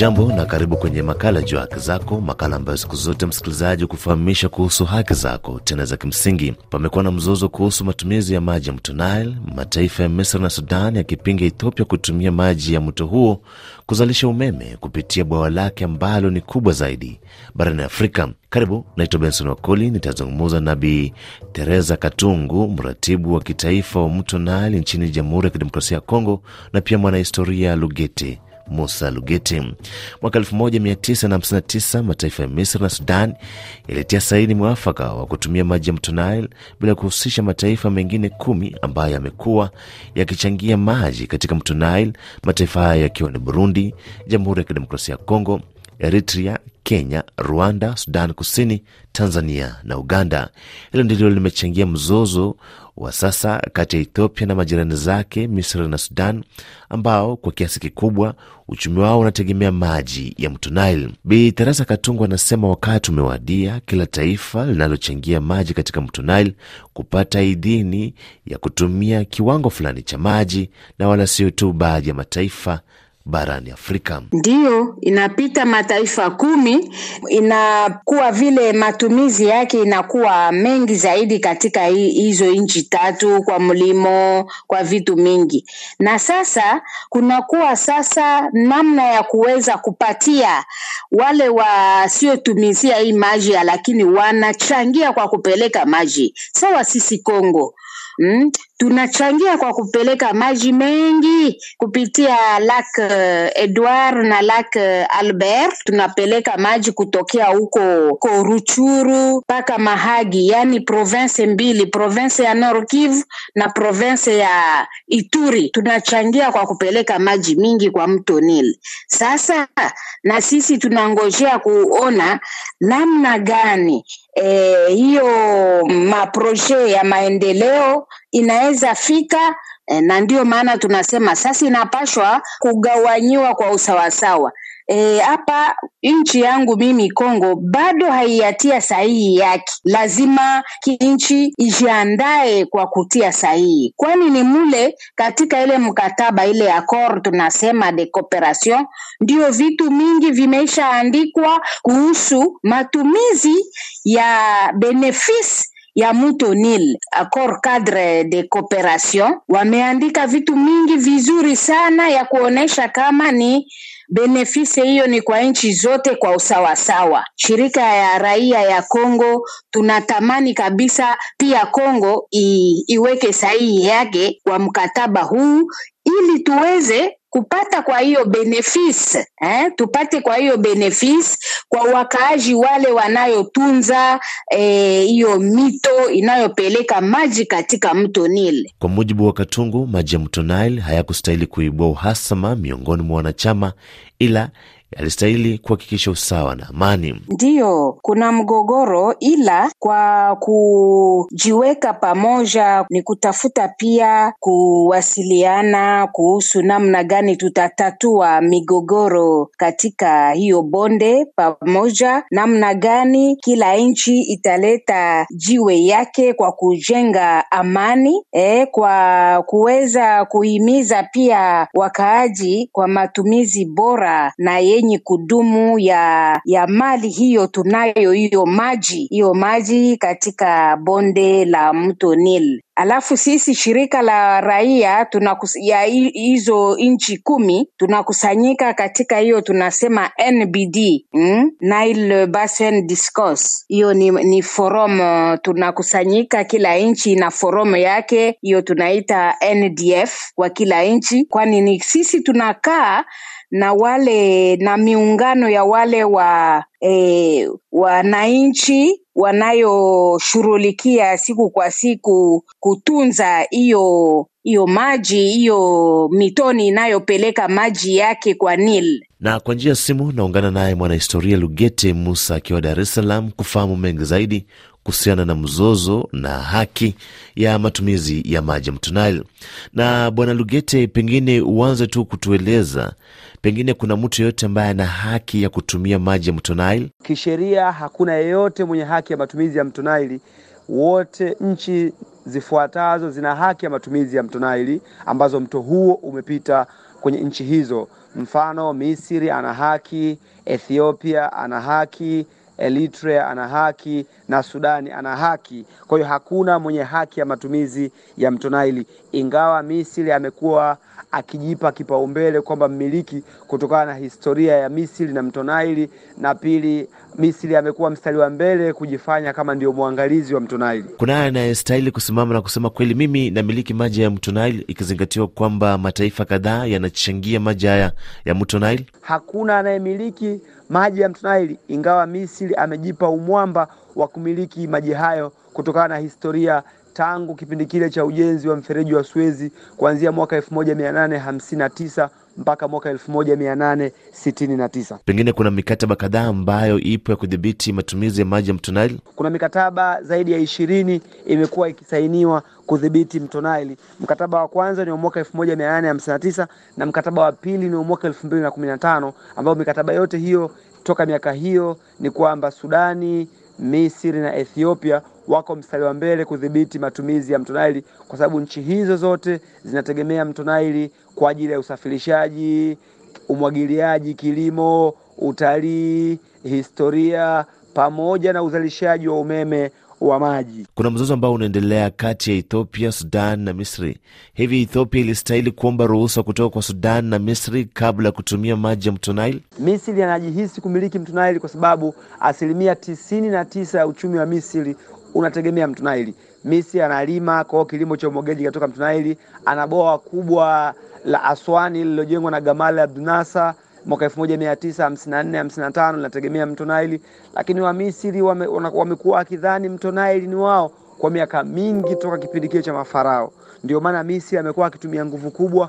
jambo na karibu kwenye makala juu ya haki zako, makala ambayo siku zote msikilizaji kufahamisha kuhusu haki zako tena za kimsingi. Pamekuwa na mzozo kuhusu matumizi ya maji ya mto Nile, mataifa ya Misri na Sudan yakipinga Ethiopia kutumia maji ya mto huo kuzalisha umeme kupitia bwawa lake ambalo ni kubwa zaidi barani Afrika. Karibu, naitwa Benson Wakoli. Nitazungumza na Bi Teresa Katungu, mratibu wa kitaifa wa mto Nile nchini Jamhuri ya Kidemokrasia ya Kongo na pia mwanahistoria Lugete Musa Lugeti. Mwaka 1959 mataifa ya Misri na Sudan yalitia saini mwafaka wa kutumia maji ya mto Nile bila kuhusisha mataifa mengine kumi ambayo yamekuwa yakichangia maji katika mto Nile, mataifa hayo yakiwa ni Burundi, Jamhuri ya Kidemokrasia ya Kongo, Eritrea, Kenya, Rwanda, Sudan Kusini, Tanzania na Uganda. Hilo ndilo limechangia mzozo wa sasa kati ya Ethiopia na majirani zake Misri na Sudan, ambao kwa kiasi kikubwa uchumi wao unategemea maji ya mto Nile. Bi Teresa Katungu anasema wakati umewadia kila taifa linalochangia maji katika mto Nile kupata idhini ya kutumia kiwango fulani cha maji, na wala sio tu baadhi ya mataifa barani Afrika. Ndiyo, inapita mataifa kumi, inakuwa vile matumizi yake inakuwa mengi zaidi katika hizo nchi tatu, kwa mlimo, kwa vitu mingi. Na sasa kunakuwa sasa namna ya kuweza kupatia wale wasiotumizia hii maji, lakini wanachangia kwa kupeleka maji sawa. Sisi Kongo mm? Tunachangia kwa kupeleka maji mengi kupitia Lac uh, Edouard na Lac uh, Albert. Tunapeleka maji kutokea huko ko Ruchuru mpaka Mahagi, yani province mbili, province ya Nord Kivu na province ya Ituri. Tunachangia kwa kupeleka maji mingi kwa mto Nile. Sasa na sisi tunangojea kuona namna gani eh, hiyo maproje ya maendeleo inaweza fika eh, na ndiyo maana tunasema sasa inapashwa kugawanyiwa kwa usawasawa E, hapa e, nchi yangu mimi Kongo bado haiyatia sahihi yake. Lazima nchi ijiandae kwa kutia sahihi, kwani ni mule katika ile mkataba ile accord tunasema de cooperation, ndio vitu mingi vimeishaandikwa kuhusu matumizi ya benefisi ya mto Nil, accord cadre de cooperation. Wameandika vitu mingi vizuri sana ya kuonesha kama ni benefisi hiyo ni kwa nchi zote kwa usawasawa. Shirika ya raia ya Kongo tunatamani kabisa pia Kongo iweke sahihi yake kwa mkataba huu ili tuweze kupata kwa hiyo benefis eh, tupate kwa hiyo benefisi kwa wakaaji wale wanayotunza eh, hiyo eh, mito inayopeleka maji katika mto Nile. Kwa mujibu wa Katungu, maji ya mto Nile hayakustahili kuibua uhasama miongoni mwa wanachama, ila yalistahili kuhakikisha usawa na amani. Ndiyo, kuna mgogoro, ila kwa kujiweka pamoja ni kutafuta pia kuwasiliana kuhusu namna gani tutatatua migogoro katika hiyo bonde pamoja, namna gani kila nchi italeta jiwe yake kwa kujenga amani e, kwa kuweza kuhimiza pia wakaaji kwa matumizi bora na ye yenye kudumu ya ya mali hiyo tunayo hiyo maji hiyo maji katika bonde la mto Nile. Alafu sisi shirika la raia tunakus, ya hizo nchi kumi tunakusanyika katika hiyo tunasema NBD mm? Nile Basin Discourse. Hiyo ni, ni forum tunakusanyika, kila nchi na forum yake, hiyo tunaita NDF kwa kila nchi, kwani ni sisi tunakaa na wale na miungano ya wale wa eh, wananchi wanayoshughulikia siku kwa siku kutunza hiyo hiyo maji hiyo mitoni inayopeleka maji yake kwa Nil. Na kwa njia ya simu naungana naye mwanahistoria Lugete Musa akiwa Dar es Salaam kufahamu mengi zaidi kuhusiana na mzozo na haki ya matumizi ya maji ya mtunail Na bwana Lugete, pengine uanze tu kutueleza Pengine kuna mtu yeyote ambaye ana haki ya kutumia maji ya mto Nile? Kisheria hakuna yeyote mwenye haki ya matumizi ya mto Nile. Wote nchi zifuatazo zina haki ya matumizi ya mto Nile ambazo mto huo umepita kwenye nchi hizo. Mfano, Misri ana haki, Ethiopia ana haki Eritrea ana haki na Sudani ana haki. Kwa hiyo hakuna mwenye haki ya matumizi ya mto Naili, ingawa Misri amekuwa akijipa kipaumbele kwamba mmiliki kutokana na historia ya Misri na mto Naili, na pili, Misri amekuwa mstari wa mbele kujifanya kama ndio mwangalizi wa mto Naili. Kuna anayestahili kusimama na kusema kweli, mimi namiliki maji ya mto Naili, ikizingatiwa kwamba mataifa kadhaa yanachangia maji haya ya mto Naili. Hakuna anayemiliki maji ya mto Nile, ingawa Misri amejipa umwamba wa kumiliki maji hayo kutokana na historia tangu kipindi kile cha ujenzi wa mfereji wa Suezi kuanzia mwaka 1859 mpaka mwaka 1869. Pengine kuna mikataba kadhaa ambayo ipo ya kudhibiti matumizi ya maji ya mto Nile. Kuna mikataba zaidi ya ishirini imekuwa ikisainiwa kudhibiti mto Nile. Mkataba wa kwanza ni wa mwaka 1859 na mkataba wa pili ni wa mwaka 2015, ambayo mikataba yote hiyo toka miaka hiyo ni kwamba Sudani, Misri na Ethiopia wako mstari wa mbele kudhibiti matumizi ya mto Naili kwa sababu nchi hizo zote zinategemea mto Naili kwa ajili ya usafirishaji, umwagiliaji, kilimo, utalii, historia pamoja na uzalishaji wa umeme wa maji. Kuna mzozo ambao unaendelea kati ya Ethiopia, Sudan na Misri. Hivi Ethiopia ilistahili kuomba ruhusa kutoka kwa Sudan na Misri kabla ya kutumia maji ya mto Nile? Misri anajihisi kumiliki mto Nile kwa sababu asilimia tisini na tisa ya uchumi wa Misri unategemea mto Nile. Misri analima kwao, kilimo cha umwagiliaji katoka mto Nile, ana kubwa la Aswani lililojengwa na Gamal Abdel Nasser mwaka 1954 55, linategemea mto Nile, lakini Wamisri wamekuwa wame wakidhani mto Nile ni wao kwa miaka mingi toka kipindi kile cha mafarao. Ndio maana Misri amekuwa akitumia nguvu kubwa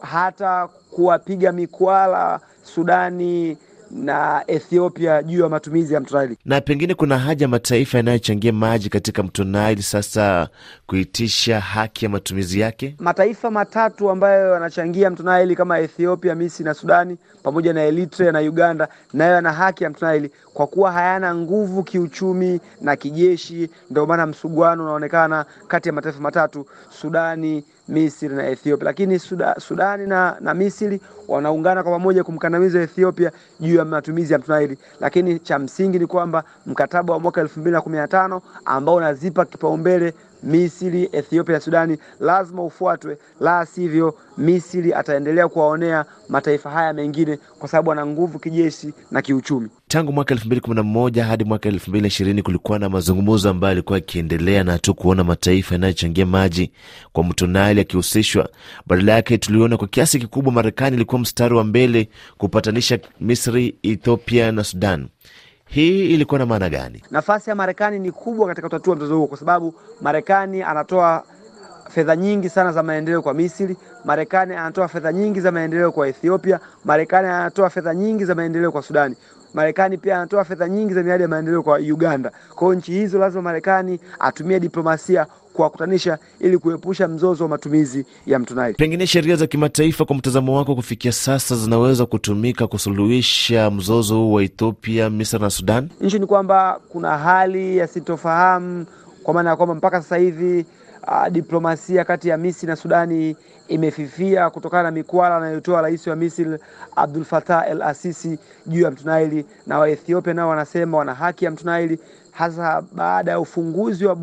hata kuwapiga mikwala Sudani na Ethiopia juu ya matumizi ya mto Nile. Na pengine kuna haja mataifa yanayochangia maji katika mto Nile sasa kuitisha haki ya matumizi yake. Mataifa matatu ambayo yanachangia mto Nile kama Ethiopia, Misri na Sudani pamoja na Eritrea na Uganda, nayo yana haki ya mto Nile kwa kuwa hayana nguvu kiuchumi na kijeshi. Ndio maana msuguano unaonekana kati ya mataifa matatu Sudani Misri na Ethiopia, lakini Sudani na, na Misri wanaungana kwa pamoja kumkandamiza Ethiopia juu ya matumizi ya mto Nile. Lakini cha msingi ni kwamba mkataba wa mwaka 2015 ambao unazipa kipaumbele Misri, Ethiopia na Sudani lazima ufuatwe, la sivyo Misri ataendelea kuwaonea mataifa haya mengine, kwa sababu ana nguvu kijeshi na kiuchumi. Tangu mwaka elfu mbili kumi na moja hadi mwaka elfu mbili na ishirini kulikuwa na mazungumzo ambayo yalikuwa yakiendelea na tu kuona mataifa yanayochangia maji kwa mto Nile yakihusishwa. Badala yake, tuliona kwa kiasi kikubwa Marekani ilikuwa mstari wa mbele kupatanisha Misri, Ethiopia na Sudan. Hii ilikuwa na maana gani? Nafasi ya Marekani ni kubwa katika kutatua mzozo huo, kwa sababu Marekani anatoa fedha nyingi sana za maendeleo kwa Misri. Marekani anatoa fedha nyingi za maendeleo kwa Ethiopia. Marekani anatoa fedha nyingi za maendeleo kwa Sudani. Marekani pia anatoa fedha nyingi za miradi ya maendeleo kwa Uganda. Kwa hiyo nchi hizo lazima Marekani atumie diplomasia kuwakutanisha ili kuepusha mzozo wa matumizi ya mtunaji. Pengine sheria za kimataifa, kwa mtazamo wako, kufikia sasa zinaweza kutumika kusuluhisha mzozo huu wa Ethiopia, Misri na Sudan? Nchi ni kwamba kuna hali ya sintofahamu kwa maana ya kwamba mpaka sasa hivi Uh, diplomasia kati ya Misri na Sudani imefifia kutokana na mikwala anayotoa rais wa Misri Abdul Fatah El Asisi juu ya mto Nile, na Waethiopia nao wanasema wana haki ya mto Nile, hasa baada ya ufunguzi wa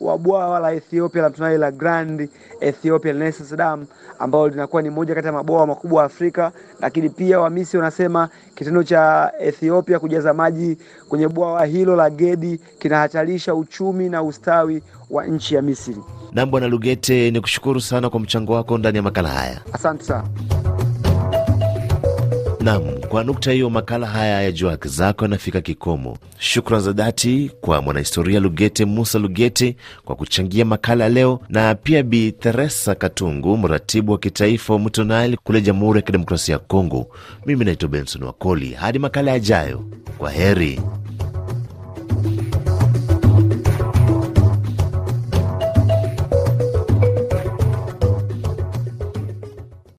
wa bwawa la Ethiopia la Mto la Grand ethiopia Renaissance Dam ambalo linakuwa ni moja kati ya mabwawa makubwa Afrika. Lakini pia Wamisri wanasema kitendo cha Ethiopia kujaza maji kwenye bwawa hilo la Gedi kinahatarisha uchumi na ustawi wa nchi ya Misri. Na Bwana Lugete, ni kushukuru sana kwa mchango wako ndani ya makala haya. Asante sana. Nam, kwa nukta hiyo, makala haya ya Jua Haki Zako yanafika kikomo. Shukran za dhati kwa mwanahistoria Lugete Musa Lugete kwa kuchangia makala ya leo, na pia Bi Theresa Katungu, mratibu wa kitaifa wa Mto Nile kule Jamhuri ya Kidemokrasia ya Kongo. Mimi naitwa Benson Wakoli, hadi makala yajayo, kwa heri.